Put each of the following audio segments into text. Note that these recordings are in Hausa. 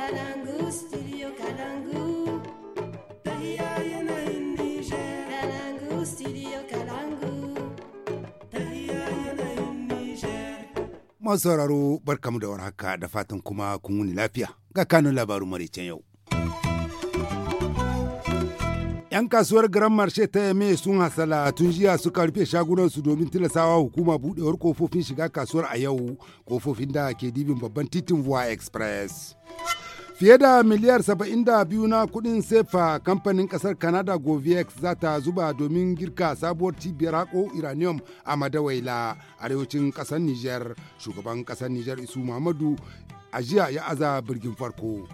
Kalangu, studio Masu sauraro barkamu da warhaka da fatan kuma kun wuni lafiya ga kanun labarun maraicen yau. 'yan kasuwar grand marshe ta yame sun hasala tun jiya suka rufe shagunansu domin tilasawa hukuma buɗewar kofofin shiga kasuwar a yau kofofin da ke dibin babban titin voa express Fiye da miliyar 72 na kudin sefa kamfanin kasar Canada Govex za ta zuba domin girka sabuwar cibiyar hako uranium a Madawaila, arewacin kasar Nijar. Shugaban kasar Nijar Isu Muhammadu a jiya ya aza birgin farko.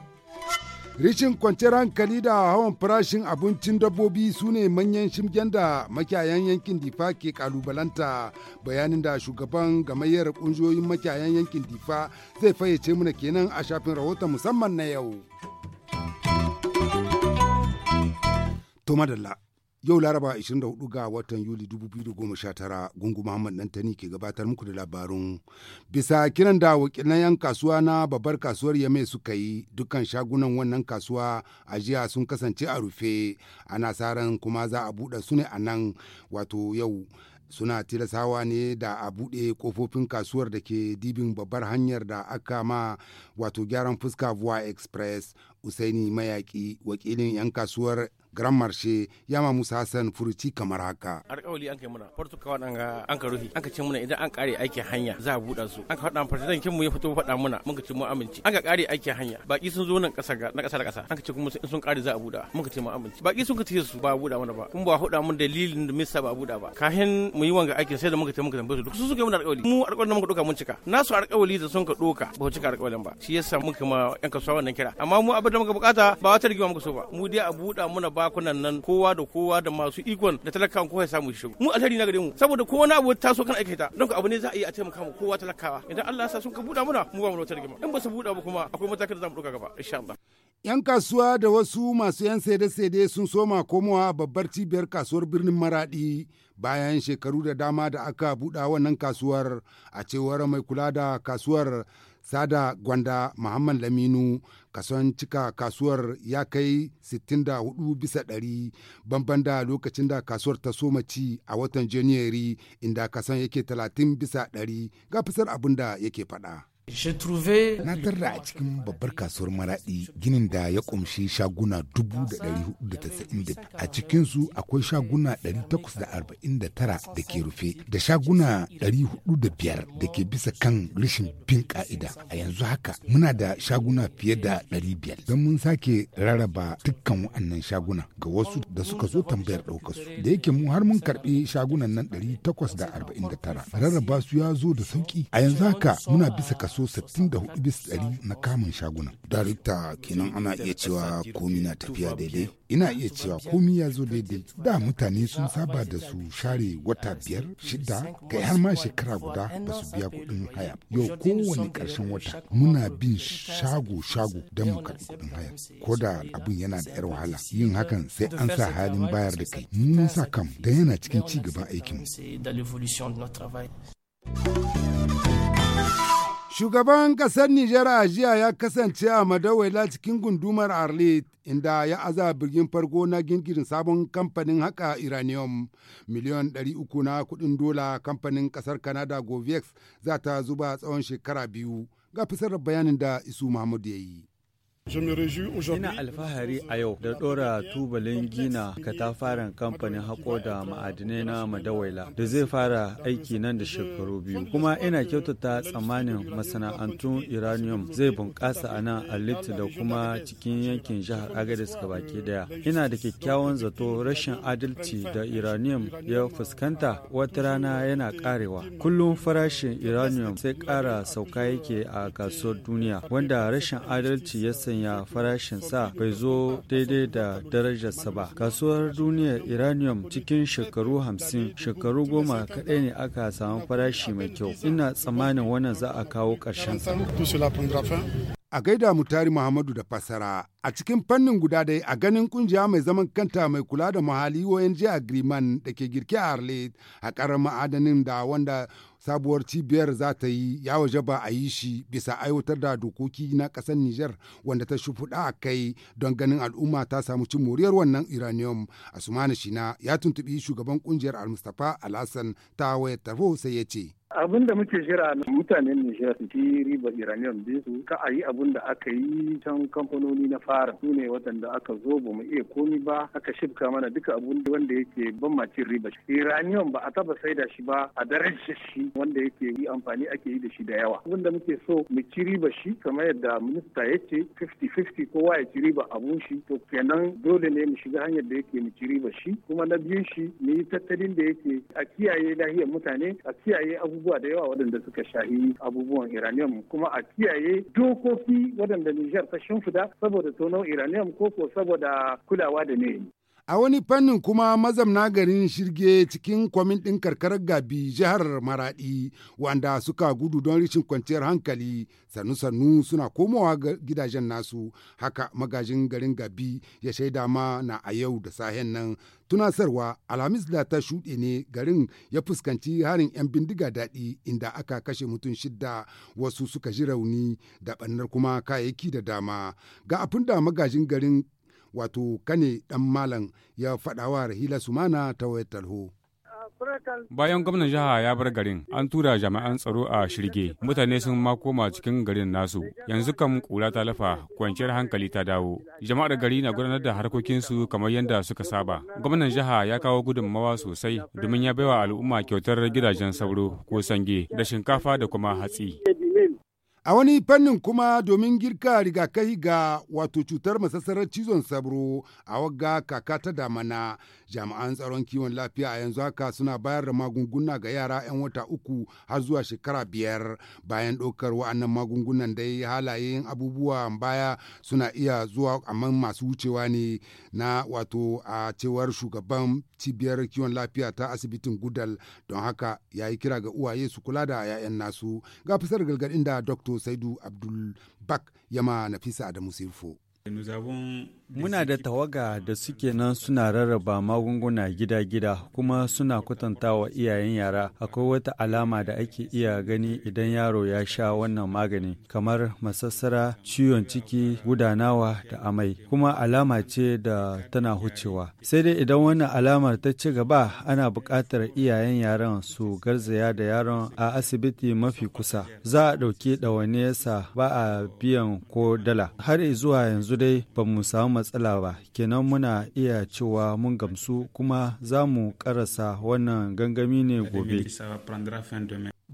Rishin kwanciyar hankali da hawan farashin abincin dabbobi su ne manyan shimgen da makiyayan yankin Difa ke kalubalanta bayanin da shugaban gamayyar kungiyoyin makiyayan yankin Difa zai fayyace mana kenan a shafin rahoton musamman na yau. To Yau Laraba 24 ga watan Yuli 2019 Gungu Muhammad Dantani ke gabatar muku da labarun. Bisa kiran da wakilan 'yan kasuwa na babbar kasuwar Yamai suka yi dukkan shagunan wannan kasuwa a jiya sun kasance a rufe ana ran kuma za a buɗe su ne a nan wato yau. suna tilasawa ne da a buɗe kofofin kasuwar da ke dibin babbar hanyar da aka ma wato gyaran fuska vuwa express usaini mayaki wakilin 'yan kasuwar Gran Marshe Yama Musa Hassan furuci kamar haka. Alƙawali an kai muna fartukawa ɗan ga an ka ruhi an ka ce muna idan an kare aikin hanya za a buɗa su an ka faɗa fartukan zan mu ya fito faɗa muna mun ka ce mu amince an ka kare aikin hanya baki sun zo nan ƙasa ga na ƙasa da ƙasa an ka ce kuma sun kare za a buɗa mun ka ce mu amince baki sun ka ce su ba buɗa mana ba kun ba huɗa mun dalilin da misa ba buɗa ba kahin mu yi wanga aikin sai da mun ka ce mun ka tambaye su duk su suka muna mana alƙawali mu mun ka ɗauka mun cika nasu alƙawali da sun ka ɗauka ba cika alƙawalin ba shi yasa muka ma 'yan kasuwa wannan kira amma mu abin da muka bukata ba wata rigima muka so ba mu dai a buɗa muna ba sarakunan nan kowa da kowa da masu ikon da talakawan kowa ya samu shi mu alheri na gare mu saboda kowa na abu taso kan aikata don abu ne za a yi a taimaka mu kowa talakawa idan Allah ya sa sun ka buɗa muna mu ba mu rotar gima in ba su buɗa ba kuma akwai matakan da za mu ɗauka gaba insha Allah 'Yan kasuwa da wasu masu 'yan saide-saide sun soma komowa babbar cibiyar kasuwar birnin Maraɗi bayan shekaru da dama da aka buɗa wannan kasuwar a cewar mai kula da kasuwar Sada Gwanda Muhammad Laminu kason cika kasuwar ya kai 64 bisa ɗari banban da lokacin da kasuwar ta soma ci a watan Janairu inda kason yake 30 bisa ɗari ga fasar abin da yake faɗa. Na tarra a cikin babbar kasuwar maraɗi ginin da ya kumshi shaguna 490 a cikinsu akwai shaguna 849 da ke rufe da shaguna 405 da ke bisa kan rashin bin ka'ida a yanzu haka muna da shaguna fiye da 500 don mun sake rarraba dukkan wa'annan shaguna ga wasu da suka zo tambayar ɗaukarsu da yake mu har mun karɓi shagunan nan 849 rarraba su ya zo da sauƙi a yanzu haka muna bisa kaso kaso 64 na kamun shaguna. Darikta kenan ana iya cewa komi na tafiya daidai. Ina iya cewa komi ya zo daidai. Da mutane sun saba da su share wata biyar, shida, kai har ma shekara guda ba su biya kuɗin haya. Yau kowane ƙarshen wata muna bin shago-shago don mu karɓi kuɗin haya. Ko da abin yana da 'yar wahala. Yin hakan sai an sa halin bayar da kai. Mun sa kam don yana cikin ci gaban aikinmu. Shugaban ƙasar Nijar a jiya ya kasance a Madawaila cikin gundumar Arlit inda ya aza birgin farko na gingirin sabon kamfanin haka Iranium miliyon 300 na kuɗin dola kamfanin ƙasar Canada Govex za ta zuba tsawon shekara biyu ga fisar bayanin da Isu Muhammadu ya yi. Ina alfahari a yau da ɗora tubalin gina katafaren kamfanin haƙo da ma'adinai na Madawaila da zai fara aiki nan da shekaru biyu. Kuma ina kyautata tsammanin masana'antun uranium zai bunƙasa a nan a da kuma cikin yankin jihar Agadez baki daya. Ina da kyakkyawan zato rashin adalci da uranium ya fuskanta wata rana yana ƙarewa. Kullum farashin uranium sai ƙara sauka yake a kasuwar duniya wanda rashin adalci ya sanya sanya sa bai zo daidai da darajarsa ba. Kasuwar duniyar uranium cikin shekaru hamsin shekaru goma kadai ne aka samu farashi mai kyau. Ina tsammanin wannan za a kawo ƙarshen. A gaida Mutari Muhammadu da fassara a cikin fannin guda dai a ganin kungiya mai zaman kanta mai kula da muhalli ONG Griman da ke girke a Arlet a ƙarar ma'adanin da wanda sabuwar cibiyar za ta yi ya waje ba a yi shi bisa aiwatar da dokoki na ƙasar Nijar wanda ta shufuɗa a kai don ganin al'umma ta samu cin moriyar wannan uranium. Asumani Shina ya tuntuɓi shugaban kungiyar Al-Mustapha Alhassan ta wayar tafo sai ya ce. abin da muke jira na mutanen Nijar su ci riba Iranian bisu ka a yi abin da aka yi can kamfanoni na fara su ne waɗanda aka zo ba mu iya komi ba aka shifka mana duka abin wanda yake ban macin riba Iranian ba a taba saida shi ba a daren shi wanda yake yi amfani ake yi da shi da yawa abin da muke so mu ci riba shi kamar yadda minista ya ce 50-50 kowa ya ci riba abun shi to kenan dole ne mu shiga hanyar da yake mu ci riba shi kuma na biyun shi mu yi tattalin da yake a kiyaye lahiyar mutane a kiyaye abu abubuwa da yawa waɗanda suka shahi abubuwan iranium kuma a kiyaye dokoki waɗanda nijar ta shimfida saboda tono iranium ko ko saboda kulawa da ne A wani fannin kuma mazamna garin shirge cikin kwamin ɗin karkarar Gabi jihar Maraɗi wanda suka gudu don rishin kwanciyar hankali sannu-sannu suna komowa gidajen nasu haka magajin garin Gabi ya shaida ma na a yau da sahen nan tunasarwa alhamis da ta shuɗe ne garin ya fuskanci harin 'yan bindiga daɗi inda aka kashe mutum shidda wasu suka ji rauni da ɓannar kuma kayayyaki da dama ga abin da magajin garin wato kane dan malam ya faɗawa rahila sumana ta wayar talho. Bayan gwamnan jiha ya bar garin, an tura jami'an tsaro a shirge, mutane sun ma koma cikin garin nasu. Yanzu kan kula ta lafa, kwanciyar hankali ta dawo. Jama'ar gari na gudanar da harkokinsu kamar yadda suka saba. Gwamnan jiha ya kawo gudunmawa sosai domin ya baiwa al'umma kyautar gidajen sauro ko sange da shinkafa da kuma hatsi. A wani fannin kuma domin girka rigakai ga wato cutar masassarar cizon sabro a wagga kaka ta damana jami'an tsaron kiwon lafiya a yanzu haka suna bayar da magunguna ga yara 'yan wata uku har zuwa shekara biyar bayan ɗaukar wa'annan magungunan da halayen abubuwa baya suna iya zuwa amma masu wucewa ne na wato a cewar shugaban cibiyar kiwon lafiya ta asibitin gudal don haka ya yi kira ga uwaye su kula da 'ya'yan nasu ga fasar gargaɗin da dr saidu abdul bak yama nafisa adamu sirfo Muna da tawaga da suke nan suna rarraba magunguna gida-gida kuma suna kwatantawa iyayen yara akwai wata alama da ake iya gani idan yaro ya sha wannan magani kamar masassara, ciwon ciki, gudanawa da amai kuma alama ce da tana hucewa. Sai dai idan wannan alamar ta ci gaba ana buƙatar iyayen yaran su garzaya da yaron a asibiti mafi kusa. Za a ɗauki ɗawainiyarsa ba a biyan ko dala har zuwa yanzu yanzu dai ba mu samu matsala ba, kenan muna iya cewa mun gamsu kuma za mu karasa wannan gangami ne gobe.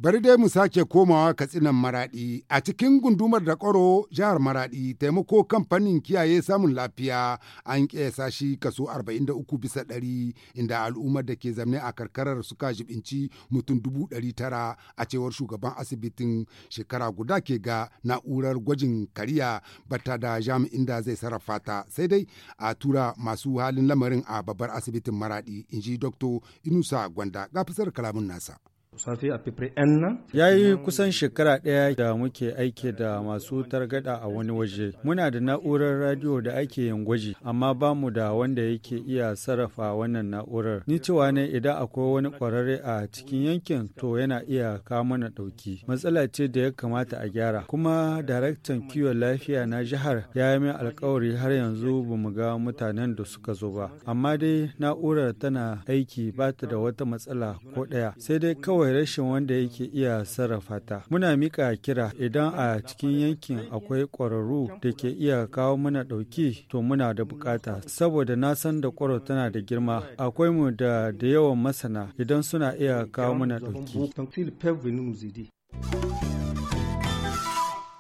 Bari dai mu sake komawa katsinan maraɗi a cikin gundumar da ƙwaro jihar maraɗi taimako kamfanin kiyaye samun lafiya an ƙesa shi kaso 43 bisa ɗari inda al'ummar da ke zamne a karkarar suka jibinci mutum 900 a cewar shugaban asibitin shekara guda ke ga na'urar gwajin kariya bata da jam inda zai sarrafa ta sai dai a tura masu halin lamarin a babbar asibitin maraɗi in ji Dr. Inusa Gwanda ga kalamin nasa. Ya yi kusan shekara ɗaya da muke aiki da masu targada a wani waje. Muna da na'urar radio da ake yin gwaji, amma ba mu da wanda yake iya sarrafa wannan na'urar. Ni cewa ne idan akwai wani ƙwararre a cikin yankin to yana iya kawo mana ɗauki. Matsala ce da ya kamata a gyara. Kuma daraktan kiwon lafiya na jihar ya yi min alkawari har yanzu ba mu ga mutanen da suka zo ba. Amma dai na'urar tana aiki ba ta da wata matsala ko ɗaya. Sai dai kawai kawai rashin wanda yake iya sarrafa ta. Muna mika kira idan a cikin yankin akwai ƙwararru da ke iya kawo mana ɗauki to muna da bukata saboda na san da ƙwaro tana da girma akwai mu da da yawan masana idan suna iya kawo mana ɗauki.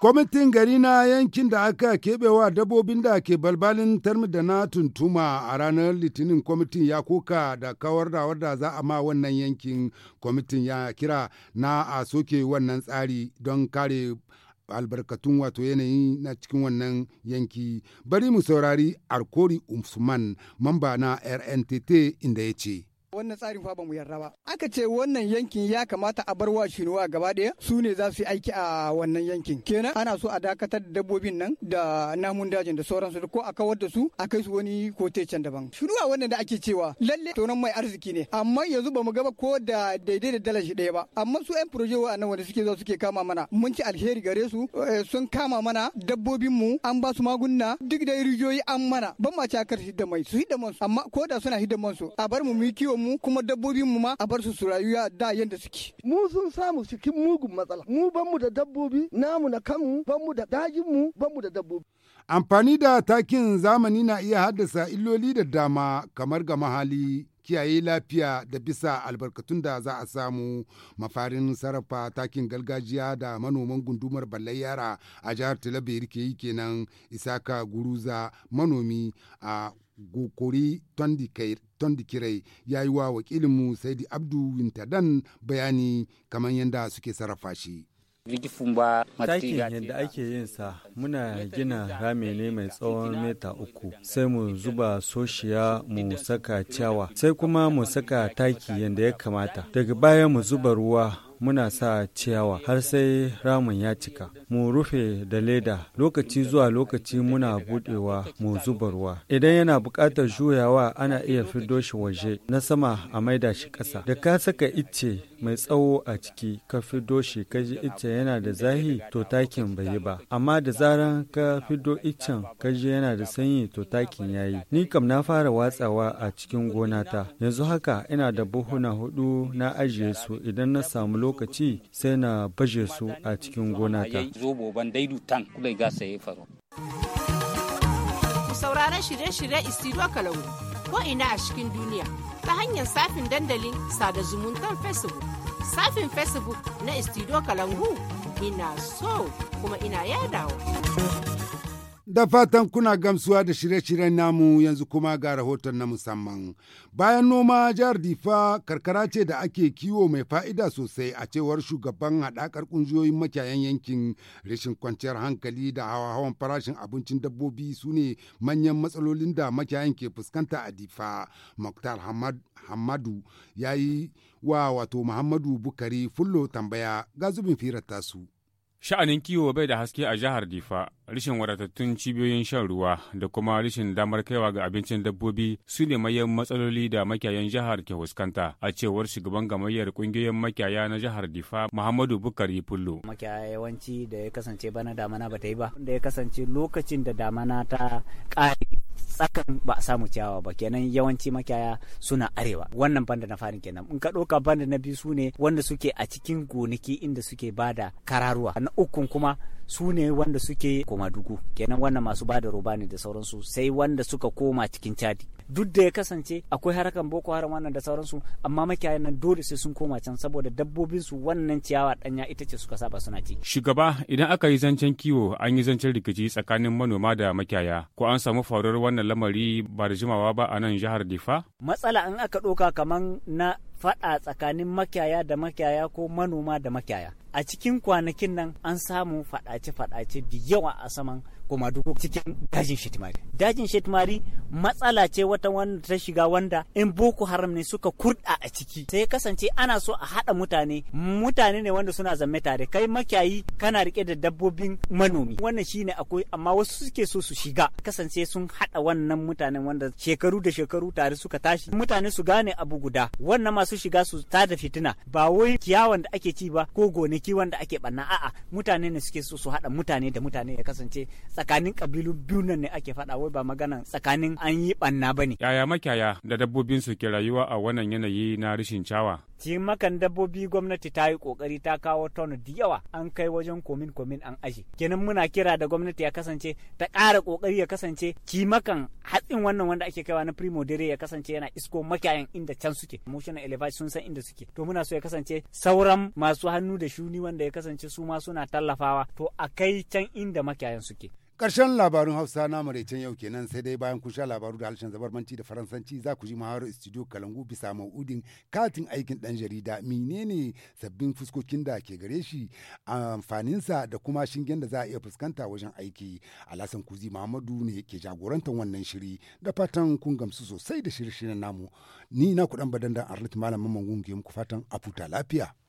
Kwamitin gari na yankin da aka keɓewa dabbobin da ke balbalin tarmi da na tuntuma a ranar Litinin kwamitin ya koka da kawar da wadda za a ma wannan yankin kwamitin ya kira na a soke wannan tsari don kare albarkatun wato yanayi na cikin wannan yanki. Bari mu saurari Arkori Usman, mamba na RNTT inda ya ce. wannan tsarin fa ba mu yarda ba aka ce wannan yankin ya kamata a bar wa shinuwa gaba ɗaya su ne za su yi aiki a wannan yankin kenan ana so a dakatar da dabbobin nan da namun dajin da sauransu ko a kawar da su a kai su wani kote can daban shinuwa wannan da ake cewa lalle tonon mai arziki ne amma yanzu ba mu gaba ko da daidai da dalar shi ɗaya ba amma su yan proje nan wanda suke zo suke kama mana mun ci alheri gare su eh, sun kama mana dabbobin mu an ba su magunna duk da rijiyoyi an mana ban ma cakar hidda mai su hidda mansu amma ko da suna hidda mansu a bar mu mu yi kiwo mu kuma dabbobin mu ma a bar su su rayuwa da yanda suke mu sun samu cikin mugun matsala mu ban mu da dabbobi namu na kanmu ban mu da dajin mu ban mu da dabbobi amfani da takin zamani na iya haddasa illoli da dama kamar ga mahali kiyaye lafiya da bisa albarkatun da za a samu mafarin sarrafa takin gargajiya da manoman gundumar ballai yara a jihar talabiri ke yi kenan isaka guruza manomi a gokori tondi kirai ya yi wa wakilinmu saidi abdu wintadan bayani kamar yadda suke sarrafa shi Takin yadda ake yin sa muna gina rame ne mai tsawon mita uku sai mu zuba soshiya mu saka ciyawa sai kuma mu saka taki yadda ya kamata daga baya mu zuba ruwa muna sa ciyawa har sai ramin ya cika. Mu rufe da leda lokaci zuwa lokaci muna budewa mu zuba ruwa. Idan yana bukatar juyawa ana iya fido shi waje na sama a maida shi ƙasa. Da ka saka icce mai tsawo a ciki ka fido shi ka ji icce yana da zahi to takin bai yi ba. Amma da zaran ka fido iccen ka ji yana da sanyi to takin ya yi. Ni kam na fara watsawa a cikin gonata. Yanzu haka ina da buhuna hudu na ajiye su idan na samu lokaci lokaci sai na baje su a cikin gona gonata. Sauraron shirye-shirye Istiro Kalangu ko ina a cikin duniya ta hanyar safin dandalin sada zumuntar Facebook. Safin Facebook na Istiro Kalangu ina so kuma ina yadawa. Da fatan kuna gamsuwa da shirye-shiryen namu yanzu kuma ga rahoton na musamman. Bayan noma jihar Difa karkara ce da ake kiwo mai fa'ida sosai a cewar shugaban haɗakar ƙungiyoyin makiyayan yankin rashin kwanciyar hankali da hawa-hawan farashin abincin dabbobi su ne manyan matsalolin da makiyayan ke fuskanta a Difa. Muktar Hamadu ya yi wa wato Muhammadu Bukari fullo tambaya ga zubin firar Sha'anin kiwo bai da haske a jihar Difa, rashin wadatattun cibiyoyin shan ruwa da kuma rashin damar kaiwa ga abincin dabbobi su ne mayan matsaloli da makiyayan jihar ke fuskanta a cewar shugaban gamayyar kungiyoyin makiyaya na jihar Difa Muhammadu Bukari Fullo. Makiyaya yawanci da ya kasance bana damana ba ta yi ba, da ya kasance lokacin da damana ta ƙare tsakan ba a samu ciyawa ba kenan yawanci makiyaya suna arewa wannan banda na farin kenan in ka ɗauka banda na biyu su ne wanda suke a cikin gonaki inda suke bada kararuwa na ukun kuma su ne wanda suke koma dugu kenan wannan masu bada roba ne da sauransu sai wanda suka koma cikin cadi duk da ya kasance akwai harakan boko haram wannan da sauransu amma makiyayan nan dole sai sun koma can saboda dabbobin su wannan ciyawa danya ita ce suka saba suna ci shugaba idan aka yi zancen kiwo an yi zancen rikici tsakanin manoma da makiyaya ko an samu faruwar wannan lamari ba da jimawa ba a nan jihar difa matsala an aka ɗauka kaman na faɗa tsakanin makiyaya da makiyaya ko manoma da makiyaya a cikin kwanakin nan an samu faɗace-faɗace da yawa a saman koma duku cikin dajin shetmari dajin shetmari matsala ce wata wanda ta shiga wanda in boko haram ne suka kurɗa a ciki sai kasance ana so a haɗa mutane mutane ne wanda suna zamme tare kai makiyayi kana rike da dabbobin manomi wannan shine akwai amma wasu suke so su shiga kasance sun haɗa wannan mutanen wanda shekaru da shekaru tare suka tashi mutane su gane abu guda wannan masu shiga su da fitina ba wai kiyawan da ake ci ba ko gonaki wanda ake banna a'a mutane ne suke so su haɗa mutane da mutane ya kasance tsakanin kabilu biyu nan ne ake faɗa wai ba magana tsakanin an yi banna ba ne. Yaya makiyaya da dabbobin su ke rayuwa a wannan yanayi na rashin cawa? makan dabbobi gwamnati ta yi kokari ta kawo ton da yawa an kai wajen komin komin an aje kenan muna kira da gwamnati ya kasance ta ƙara kokari ya kasance makan hatsin wannan wanda ake kaiwa na primo dare ya kasance yana isko makiyayan inda can suke motion elevation sun san inda suke to muna so ya kasance sauran masu hannu da shuni wanda ya kasance su ma suna tallafawa to a kai can inda makiyayan suke karshen labarun Hausa na maraicen yau kenan sai dai bayan kun sha labaru da harshen zabarmanci da faransanci za ku ji maharo studio Kalangu bisa ma'udin katin aikin dan jarida menene sabbin fuskokin da ke gare shi amfaninsa da kuma shingen da za a iya fuskanta wajen aiki. Alasan Kuzi Muhammadu ne ke jagorantar wannan shiri da fatan kun gamsu sosai da shirye-shiryen namu. Ni na kuɗan badan da Arlit Malam Mamman Gungi muku fatan a lafiya.